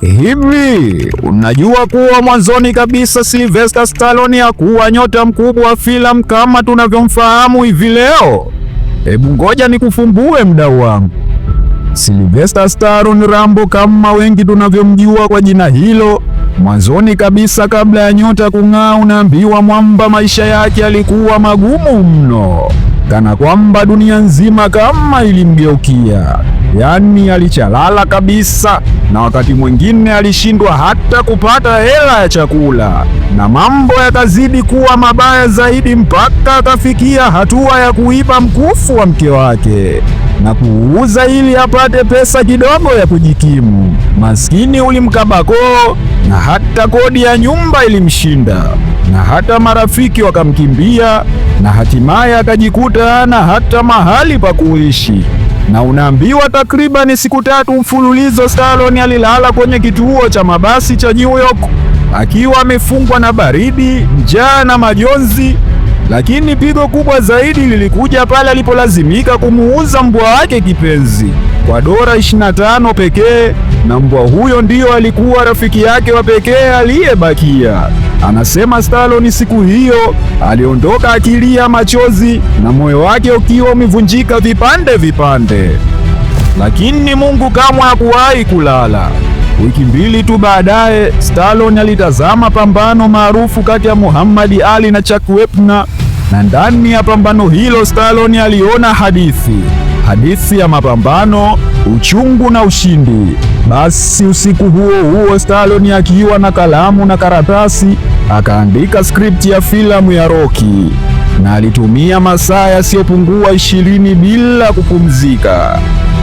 Hivi unajua kuwa mwanzoni kabisa Sylvester Stallone hakuwa nyota mkubwa wa filamu kama tunavyomfahamu hivi leo? Hebu ngoja nikufumbue mdau wangu. Sylvester Stallone Rambo, kama wengi tunavyomjua kwa jina hilo, Mwanzoni kabisa kabla ya nyota kung'aa, unaambiwa mwamba maisha yake yalikuwa magumu mno, kana kwamba dunia nzima kama ilimgeukia. Yaani alichalala kabisa, na wakati mwingine alishindwa hata kupata hela ya chakula, na mambo yakazidi kuwa mabaya zaidi, mpaka akafikia hatua ya kuiba mkufu wa mke wake na kuuza ili apate pesa kidogo ya kujikimu. Maskini ulimkaba koo, na hata kodi ya nyumba ilimshinda, na hata marafiki wakamkimbia, na hatimaye akajikuta na hata mahali pa kuishi na unaambiwa takribani siku tatu mfululizo Stallone alilala kwenye kituo cha mabasi cha New York akiwa amefungwa na baridi, njaa na majonzi. Lakini pigo kubwa zaidi lilikuja pale alipolazimika kumuuza mbwa wake kipenzi kwa dola 25 pekee, na mbwa huyo ndiyo alikuwa rafiki yake wa pekee aliyebakia. Anasema Stallone siku hiyo aliondoka akilia machozi na moyo wake ukiwa umevunjika vipande vipande, lakini Mungu kamwe hakuwahi kulala. Wiki mbili tu baadaye, Stallone alitazama pambano maarufu kati ya Muhammad Ali na Chuck Wepner na ndani ya pambano hilo Stallone aliona hadithi, hadithi ya mapambano, uchungu na ushindi. Basi usiku huo huo Stallone akiwa na kalamu na karatasi akaandika skripti ya filamu ya Rocky na alitumia masaa yasiyopungua ishirini bila kupumzika.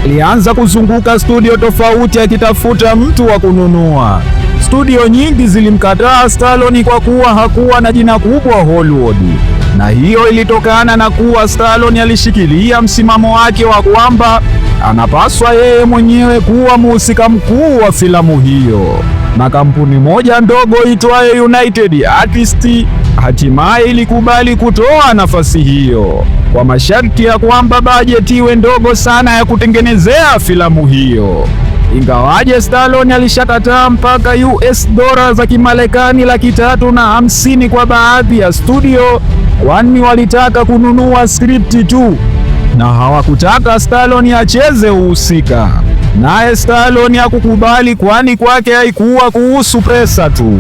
Alianza kuzunguka studio tofauti akitafuta mtu wa kununua. Studio nyingi zilimkataa Stallone kwa kuwa hakuwa na jina kubwa Hollywood na hiyo ilitokana na kuwa Stallone alishikilia msimamo wake wa kwamba anapaswa yeye mwenyewe kuwa mhusika mkuu wa filamu hiyo, na kampuni moja ndogo itwayo United Artists hatimaye ilikubali kutoa nafasi hiyo kwa masharti ya kwamba bajeti iwe ndogo sana ya kutengenezea filamu hiyo. Ingawaje Stallone alishakataa mpaka US dola za Kimarekani laki tatu na hamsini kwa baadhi ya studio, kwani walitaka kununua skripti tu na hawakutaka Stallone acheze uhusika. Naye Stallone hakukubali, kwani kwake haikuwa kuhusu pesa tu,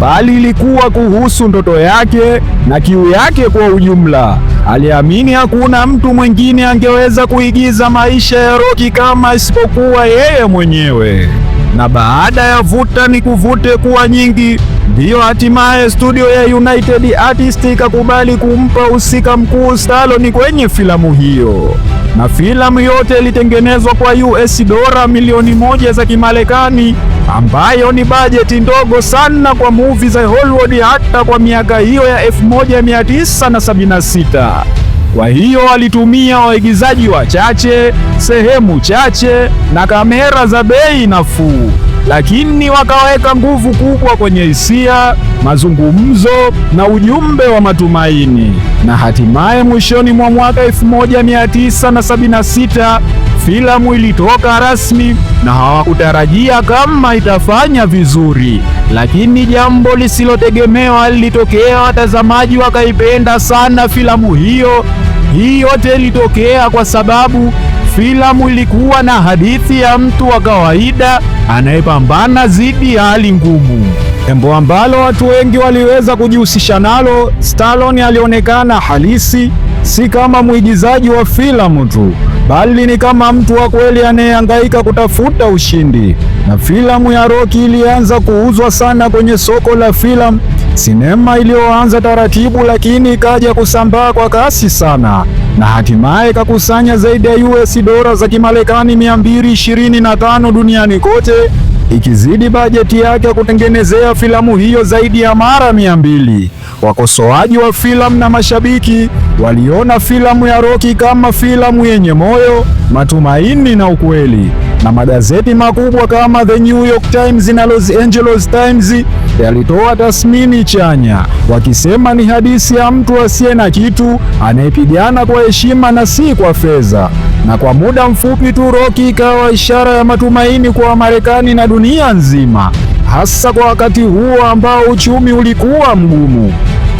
bali ilikuwa kuhusu ndoto yake na kiu yake kwa ujumla. Aliamini hakuna mtu mwingine angeweza kuigiza maisha ya Rocky kama isipokuwa yeye mwenyewe. Na baada ya vuta ni kuvute kuwa nyingi Ndiyo, hatimaye studio ya United Artists ikakubali kumpa husika mkuu Stallone kwenye filamu hiyo, na filamu yote ilitengenezwa kwa US dola milioni moja za Kimarekani, ambayo ni bajeti ndogo sana kwa movie za Hollywood hata kwa miaka hiyo ya 1976. Kwa hiyo walitumia waigizaji wachache, sehemu chache na kamera za bei nafuu lakini wakaweka nguvu kubwa kwenye hisia, mazungumzo na ujumbe wa matumaini, na hatimaye mwishoni mwa mwaka 1976 filamu ilitoka rasmi na hawakutarajia kama itafanya vizuri, lakini jambo lisilotegemewa lilitokea. Watazamaji wakaipenda sana filamu hiyo. Hii yote ilitokea kwa sababu Filamu ilikuwa na hadithi ya mtu wa kawaida anayepambana dhidi ya hali ngumu, jambo ambalo watu wengi waliweza kujihusisha nalo. Stallone alionekana halisi, si kama mwigizaji wa filamu tu, bali ni kama mtu wa kweli anayehangaika kutafuta ushindi. Na filamu ya Rocky ilianza kuuzwa sana kwenye soko la filamu sinema iliyoanza taratibu lakini ikaja kusambaa kwa kasi sana na hatimaye ikakusanya zaidi ya US dola za Kimarekani 225 duniani kote, ikizidi bajeti yake ya kutengenezea filamu hiyo zaidi ya mara 200. Wakosoaji wa filamu na mashabiki waliona filamu ya Rocky kama filamu yenye moyo, matumaini na ukweli, na magazeti makubwa kama The New York Times na Los Angeles Times yalitoa tasmini chanya, wakisema ni hadithi ya mtu asiye na kitu anayepigana kwa heshima na si kwa fedha. Na kwa muda mfupi tu Rocky ikawa ishara ya matumaini kwa Wamarekani na dunia nzima, hasa kwa wakati huo ambao uchumi ulikuwa mgumu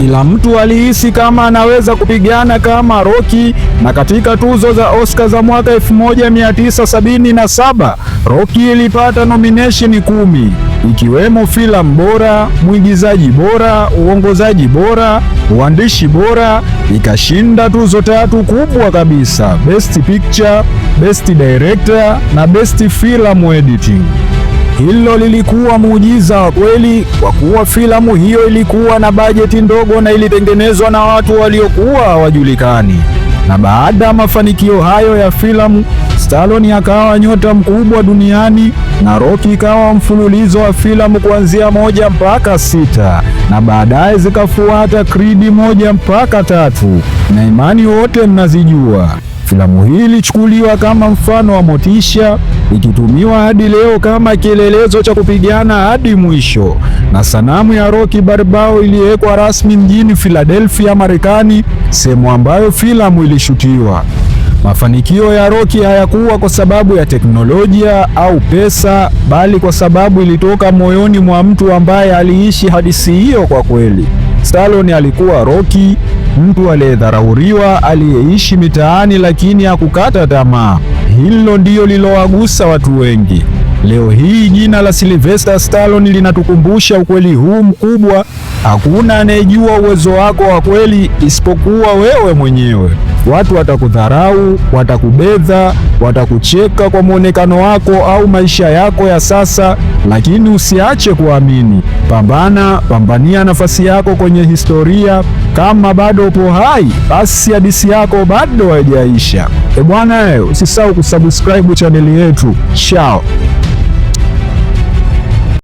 ila mtu alihisi kama anaweza kupigana kama Rocky. Na katika tuzo za Oscar za mwaka 1977 Rocky ilipata nomination kumi ikiwemo filamu bora, mwigizaji bora, uongozaji bora, uandishi bora. Ikashinda tuzo tatu kubwa kabisa: Best Picture, Best Director na Best Film Editing. Hilo lilikuwa muujiza wa kweli, kwa kuwa filamu hiyo ilikuwa na bajeti ndogo na ilitengenezwa na watu waliokuwa hawajulikani. Na baada ya mafanikio hayo ya filamu, Stallone akawa nyota mkubwa duniani na Rocky ikawa mfululizo wa filamu kuanzia moja mpaka sita na baadaye zikafuata Creed moja mpaka tatu na imani wote mnazijua. Filamu hii ilichukuliwa kama mfano wa motisha, ikitumiwa hadi leo kama kielelezo cha kupigana hadi mwisho, na sanamu ya Rocky Balboa iliwekwa rasmi mjini Philadelphia, Marekani, sehemu ambayo filamu ilishutiwa. Mafanikio ya Rocky hayakuwa kwa sababu ya teknolojia au pesa, bali kwa sababu ilitoka moyoni mwa mtu ambaye aliishi hadithi hiyo kwa kweli. Stallone alikuwa Rocky, mtu aliyedharauriwa, aliyeishi mitaani lakini hakukata tamaa. Hilo ndiyo lilowagusa watu wengi. Leo hii jina la Sylvester Stallone linatukumbusha ukweli huu mkubwa: hakuna anayejua uwezo wako wa kweli isipokuwa wewe mwenyewe. Watu watakudharau, watakubedha, watakucheka kwa mwonekano wako au maisha yako ya sasa, lakini usiache kuamini. Pambana, pambania nafasi yako kwenye historia, kama bado upo hai, basi hadithi yako bado haijaisha. E bwana, usisahau kusubscribe chaneli yetu chao.